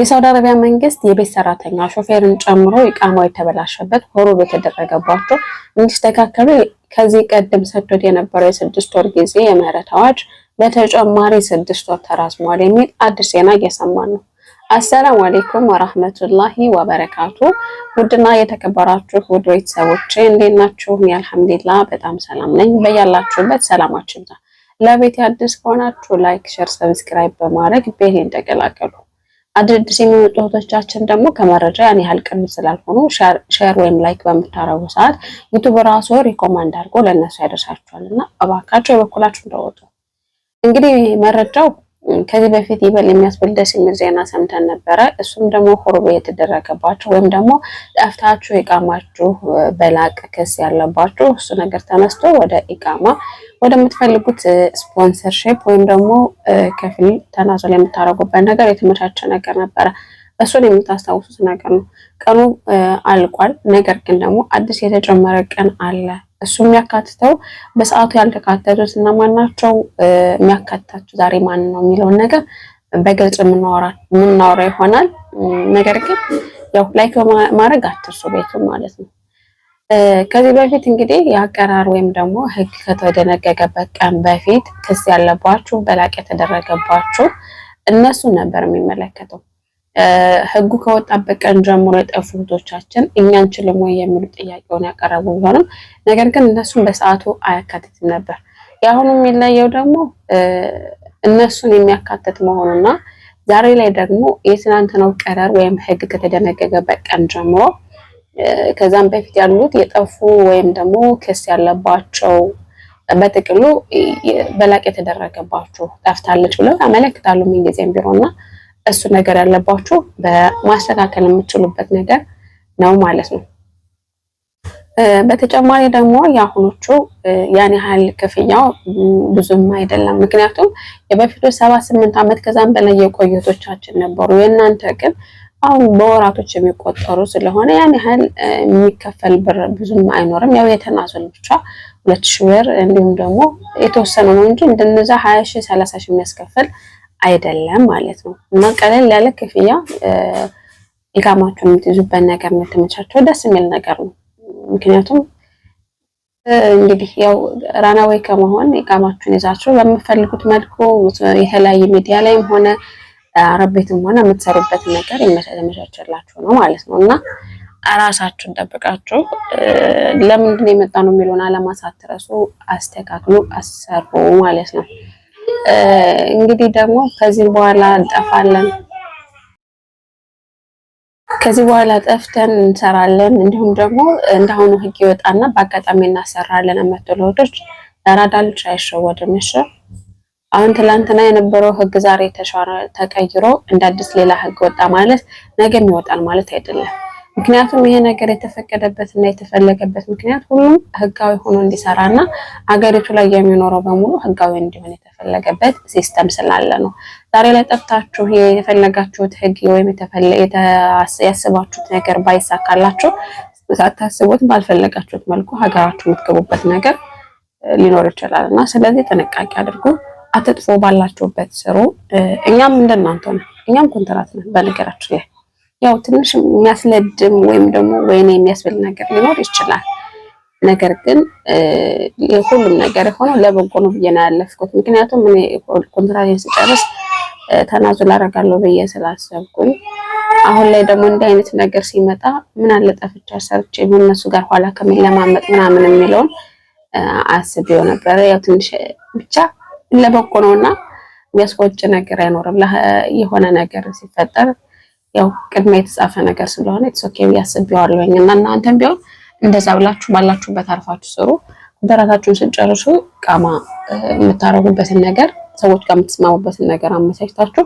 የሳውዲ አረቢያ መንግስት የቤት ሰራተኛ ሾፌርን ጨምሮ ኢቃማው የተበላሸበት ሆሮብ የተደረገባቸው እንዲስተካከሉ ከዚህ ቀደም ሰጥቶት የነበረው የስድስት ወር ጊዜ የምህረት አዋጅ ለተጨማሪ ስድስት ወር ተራዝሟል የሚል አዲስ ዜና እየሰማን ነው። አሰላሙ አሌይኩም ወራህመቱላሂ ወበረካቱ። ውድና የተከበራችሁ ውድ ቤተሰቦች እንዴት ናችሁ? አልሐምዱሊላ በጣም ሰላም ነኝ። በያላችሁበት ሰላማችሁ ይብዛ። ለቤት አዲስ ከሆናችሁ ላይክ፣ ሸር፣ ሰብስክራይብ በማድረግ ቤቴን ተቀላቀሉ። አዳዲስ የሚመጡ እህቶቻችን ደግሞ ከመረጃ ያን ያህል ቅርብ ስላልሆኑ ሼር ወይም ላይክ በምታረጉ ሰዓት ዩቱብ ራሱ ሪኮማንድ አድርጎ ለእነሱ ያደርሳችኋል እና እባካቸው የበኩላችሁ እንደወጡ እንግዲህ መረጃው ከዚህ በፊት ይበል የሚያስብል ደስ የሚል ዜና ሰምተን ነበረ። እሱም ደግሞ ሆርቦ የተደረገባችሁ ወይም ደግሞ ጠፍታችሁ ኢቃማችሁ በላቅ ክስ ያለባችሁ እሱ ነገር ተነስቶ ወደ ኢቃማ ወደምትፈልጉት ስፖንሰርሽፕ ወይም ደግሞ ክፍል ተናዞል የምታደርጉበት ነገር የተመቻቸ ነገር ነበረ። እሱን የምታስታውሱት ነገር ነው። ቀኑ አልቋል። ነገር ግን ደግሞ አዲስ የተጨመረ ቀን አለ። እሱ የሚያካትተው በሰዓቱ ያልተካተቱት እና ማናቸው የሚያካትታቸው ዛሬ ማን ነው የሚለውን ነገር በግልጽ የምናወራ ይሆናል። ነገር ግን ያው ላይክ ማድረግ አትርሱ፣ ቤቱ ማለት ነው። ከዚህ በፊት እንግዲህ የአቀራር ወይም ደግሞ ህግ ከተደነገገበት ቀን በፊት ክስ ያለባችሁ በላቅ የተደረገባችሁ እነሱን ነበር የሚመለከተው። ህጉ ከወጣበት ቀን ጀምሮ የጠፉ እህቶቻችን እኛን አንችልም ወይ የሚሉ ጥያቄውን ያቀረቡ ቢሆንም ነገር ግን እነሱን በሰዓቱ አያካትትም ነበር። የአሁኑ የሚለየው ደግሞ እነሱን የሚያካትት መሆኑና ዛሬ ላይ ደግሞ የትናንትናው ቀረር ወይም ህግ ከተደነገገበት ቀን ጀምሮ ከዛም በፊት ያሉት የጠፉ ወይም ደግሞ ክስ ያለባቸው በጥቅሉ በላቅ የተደረገባቸው ጠፍታለች ብለው ያመለክታሉ ምንጊዜም ቢሮና እሱ ነገር ያለባችሁ በማስተካከል የምትችሉበት ነገር ነው ማለት ነው። በተጨማሪ ደግሞ የአሁኖቹ ያን ያህል ክፍያው ብዙም አይደለም። ምክንያቱም የበፊቶች ሰባ ስምንት ዓመት ከዛም በላይ የቆየቶቻችን ነበሩ። የእናንተ ግን አሁን በወራቶች የሚቆጠሩ ስለሆነ ያን ያህል የሚከፈል ብር ብዙም አይኖርም። ያው የተናሱን ብቻ ሁለት ሺ ብር እንዲሁም ደግሞ የተወሰነ ነው እንጂ እንደነዛ ሀያ ሺ ሰላሳ ሺ የሚያስከፍል አይደለም ማለት ነው። እና ቀለል ያለ ክፍያ ኢቃማችሁን የምትይዙበት ነገር የምትመቻቸው ደስ የሚል ነገር ነው። ምክንያቱም እንግዲህ ያው ራናዌይ ከመሆን ኢቃማችሁን ይዛችሁ በምፈልጉት መልኩ የተለያየ ሚዲያ ላይም ሆነ አረብ ቤትም ሆነ የምትሰሩበት ነገር የተመቻቸላችሁ ነው ማለት ነው እና ራሳችሁን ጠብቃችሁ ለምንድን የመጣ ነው የሚለውን አለማሳትረሱ አስተካክሉ፣ አሰሩ ማለት ነው። እንግዲህ ደግሞ ከዚህ በኋላ እንጠፋለን ከዚህ በኋላ ጠፍተን እንሰራለን። እንዲሁም ደግሞ እንደአሁኑ ህግ ይወጣና በአጋጣሚ እናሰራለን የምትሉ እህቶች ለአራዳ ልጅ አይሸወድም። እሺ አሁን ትላንትና የነበረው ህግ ዛሬ ተቀይሮ እንደ አዲስ ሌላ ህግ ወጣ ማለት ነገም ይወጣል ማለት አይደለም። ምክንያቱም ይሄ ነገር የተፈቀደበት እና የተፈለገበት ምክንያት ሁሉም ህጋዊ ሆኖ እንዲሰራ እና አገሪቱ ላይ የሚኖረው በሙሉ ህጋዊ እንዲሆን የተፈለገበት ሲስተም ስላለ ነው። ዛሬ ላይ ጠፍታችሁ የፈለጋችሁት ህግ ወይም ያስባችሁት ነገር ባይሳካላችሁ ሳታስቡት ባልፈለጋችሁት መልኩ ሀገራችሁ የምትገቡበት ነገር ሊኖር ይችላል እና ስለዚህ ጥንቃቄ አድርጉ። አትጥፎ ባላችሁበት ስሩ። እኛም እንደናንተ ነው። እኛም ኮንትራት ነን በነገራችን ላይ ያው ትንሽ የሚያስለድም ወይም ደግሞ ወይኔ የሚያስብል ነገር ሊኖር ይችላል። ነገር ግን ሁሉም ነገር የሆነው ለበጎ ነው ብዬ ነው ያለፍኩት። ምክንያቱም እኔ ኮንትራቴን ስጨርስ ተናዙል አደርጋለሁ ብዬ ስላሰብኩኝ፣ አሁን ላይ ደግሞ እንዲህ አይነት ነገር ሲመጣ ምን አለ ጠፍቻ ሰርቼ እነሱ ጋር ኋላ ከሚለማመጥ ምናምን የሚለውን አስቤው ነበረ። ያው ትንሽ ብቻ ለበጎ ነውና የሚያስቆጭ ነገር አይኖርም። የሆነ ነገር ሲፈጠር ያው ቅድሚያ የተጻፈ ነገር ስለሆነ ኢትስኦኬ ያስብዋለኝ እና እናንተም ቢሆን እንደዛ ብላችሁ ባላችሁበት አርፋችሁ ስሩ። ደራታችሁን ስጨርሱ ቃማ የምታረጉበትን ነገር ሰዎች ጋር የምትስማሙበትን ነገር አመቻችታችሁ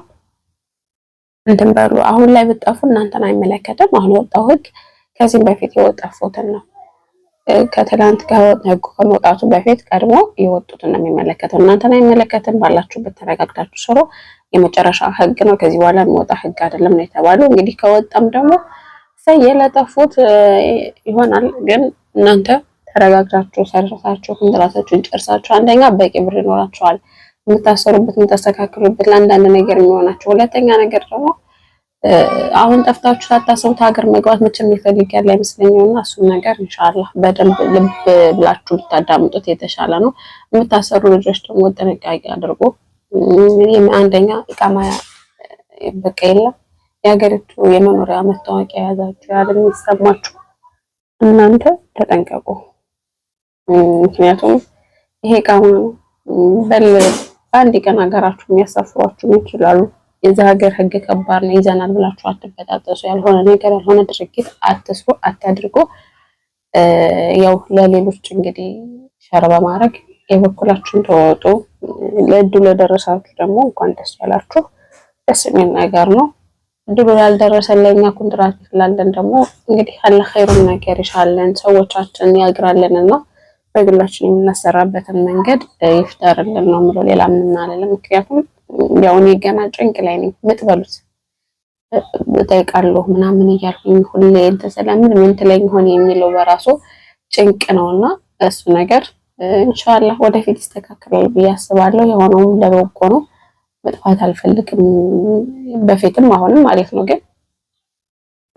እንትን በሉ። አሁን ላይ ብጠፉ እናንተን አይመለከትም። አሁን የወጣው ህግ ከዚህም በፊት የወጣ ፎትን ነው። ከትላንት ህጉ ከመውጣቱ በፊት ቀድሞ የወጡትን ነው የሚመለከተው። እናንተን አይመለከትም። ባላችሁበት ተረጋግታችሁ ስሩ። የመጨረሻ ህግ ነው። ከዚህ በኋላ የሚወጣ ህግ አይደለም ነው የተባለው። እንግዲህ ከወጣም ደግሞ ሰይ የለጠፉት ይሆናል። ግን እናንተ ተረጋግታችሁ ሰርታችሁ ኮንትራታችሁን ጨርሳችሁ፣ አንደኛ በቂ ብር ይኖራችኋል የምታሰሩበት የምታስተካክሉበት ለአንዳንድ ነገር የሚሆናችሁ። ሁለተኛ ነገር ደግሞ አሁን ጠፍታችሁ ታታሰቡት ሀገር መግባት መቼም የሚፈልግ ያለ አይመስለኝም እና እሱም ነገር እንሻላ በደንብ ልብ ብላችሁ ብታዳምጡት የተሻለ ነው። የምታሰሩ ልጆች ደግሞ ጥንቃቄ አድርጎ አንደኛ ኢቃማ በቃ የለም። የሀገሪቱ የመኖሪያ መታወቂያ የያዛችሁ ያህል የሚሰማችሁ እናንተ ተጠንቀቁ። ምክንያቱም ይሄ ኢቃማ በል በአንድ ቀን ሀገራችሁ የሚያሳፍሯችሁም ይችላሉ። የዚህ ሀገር ህግ ከባድ ነው ይዘናል ብላችሁ አትበጣጠሱ። ያልሆነ ነገር ያልሆነ ድርጊት አትስሩ፣ አታድርጎ ያው ለሌሎች እንግዲህ ሸር በማድረግ የበኩላችሁን ተወጡ። ለእድሉ ለደረሳችሁ ደግሞ እንኳን ደስ ያላችሁ። ደስ የሚል ነገር ነው። እድሉ ያልደረሰ ለእኛ ኮንትራት ስላለን ደግሞ እንግዲህ አለ ኸይሩን ነገር ይሻለን ሰዎቻችን ያግራልንና በግላችን የምናሰራበትን መንገድ ይፍጠርልን ነው ምሎ ሌላ ምንም አልልም። ምክንያቱም ያው እኔ ገና ጭንቅ ላይ ነኝ። ምጥበሉት እጠይቃለሁ ምናምን እያልኩኝ ሁሌ እንትን ስለምን ምን ትለኝ ሆን የሚለው በራሱ ጭንቅ ነውና እሱ ነገር እንሻላህ ወደፊት ይስተካከላል ብዬ አስባለሁ። የሆነውም ለበጎ ነው። መጥፋት አልፈልግም፣ በፊትም አሁንም ማለት ነው። ግን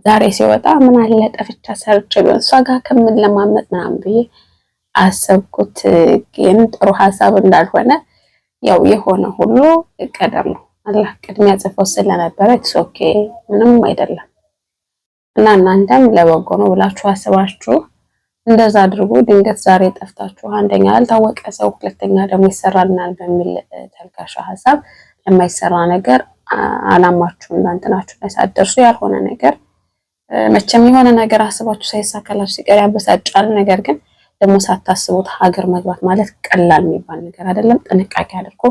ዛሬ ሲወጣ ምን አለ ጠፍቻ ሰርች ቢሆን እሷ ጋር ከምን ለማመጥ ምናምን ብዬ አሰብኩት። ግን ጥሩ ሀሳብ እንዳልሆነ ያው የሆነ ሁሉ ቀደም ነው። አላህ ቅድሚያ ጽፎት ስለነበረ ኦኬ ምንም አይደለም እና እናንተም ለበጎ ነው ብላችሁ አስባችሁ እንደዛ አድርጎ ድንገት ዛሬ ጠፍታችሁ አንደኛ ያልታወቀ ሰው፣ ሁለተኛ ደግሞ ይሰራልናል በሚል ተልካሻ ሀሳብ ለማይሰራ ነገር አላማችሁ እናንትናችሁ ላይ ያልሆነ ነገር መቼም የሆነ ነገር አስባችሁ ሳይሳካላችሁ ሲቀር ያበሳጫል። ነገር ግን ደግሞ ሳታስቡት ሀገር መግባት ማለት ቀላል የሚባል ነገር አይደለም። ጥንቃቄ አድርጎ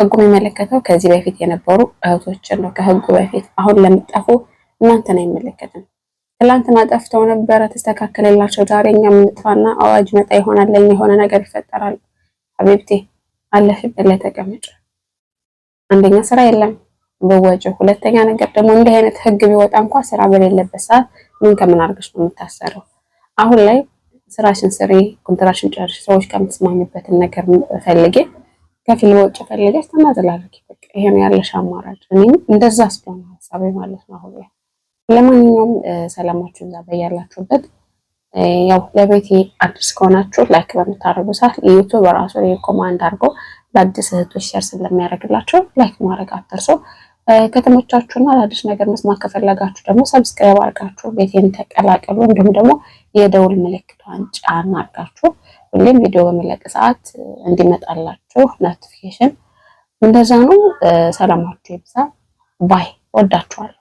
ህጉ የሚመለከተው ከዚህ በፊት የነበሩ እህቶችን ነው። ከህጉ በፊት አሁን ለምጠፉ እናንተን አይመለከትም። ትላንትና ጠፍተው ነበረ ተስተካከለላቸው። ዛሬ እኛም እንጥፋና አዋጅ መጣ ይሆናል፣ ለኛ የሆነ ነገር ይፈጠራል። ሀቢብቴ አለፍበት ላይ ተቀመጭ። አንደኛ ስራ የለም በወጪው፣ ሁለተኛ ነገር ደግሞ እንዲህ አይነት ህግ ቢወጣ እንኳ ስራ በሌለበት ሰዓት ምን ከምን አድርገሽ ነው የምታሰረው? አሁን ላይ ስራሽን ስሪ፣ ኮንትራክሽን ጨርሽ፣ ሰዎች ከምትስማሚበትን ነገር ፈልጌ ከፊል በውጭ ፈልገሽ ተናዘላለች። በቃ ይሄ ነው ያለሽ አማራጭ። እኔም እንደዛ ስለሆነ ሀሳቤ ማለት ነው አሁን ላይ ለማንኛውም ለማንኛውም ሰላማችሁ እዛ በያላችሁበት። ያው ለቤት አዲስ ከሆናችሁ ላይክ በምታደርጉ ሰዓት ዩቱብ ራሱ ኮማንድ አድርጎ ለአዲስ እህቶች ሸር ስለሚያደርግላቸው ላይክ ማድረግ አትርሱ። ከተሞቻችሁና ለአዲስ ነገር መስማት ከፈለጋችሁ ደግሞ ሰብስክራይብ አድርጋችሁ ቤቴን ተቀላቀሉ። እንዲሁም ደግሞ የደውል ምልክቷን ጫን አድርጋችሁ ሁሌም ቪዲዮ በሚለቅ ሰዓት እንዲመጣላችሁ ኖቲፊኬሽን እንደዛ ነው። ሰላማችሁ ይብዛ። ባይ ወዳችኋል።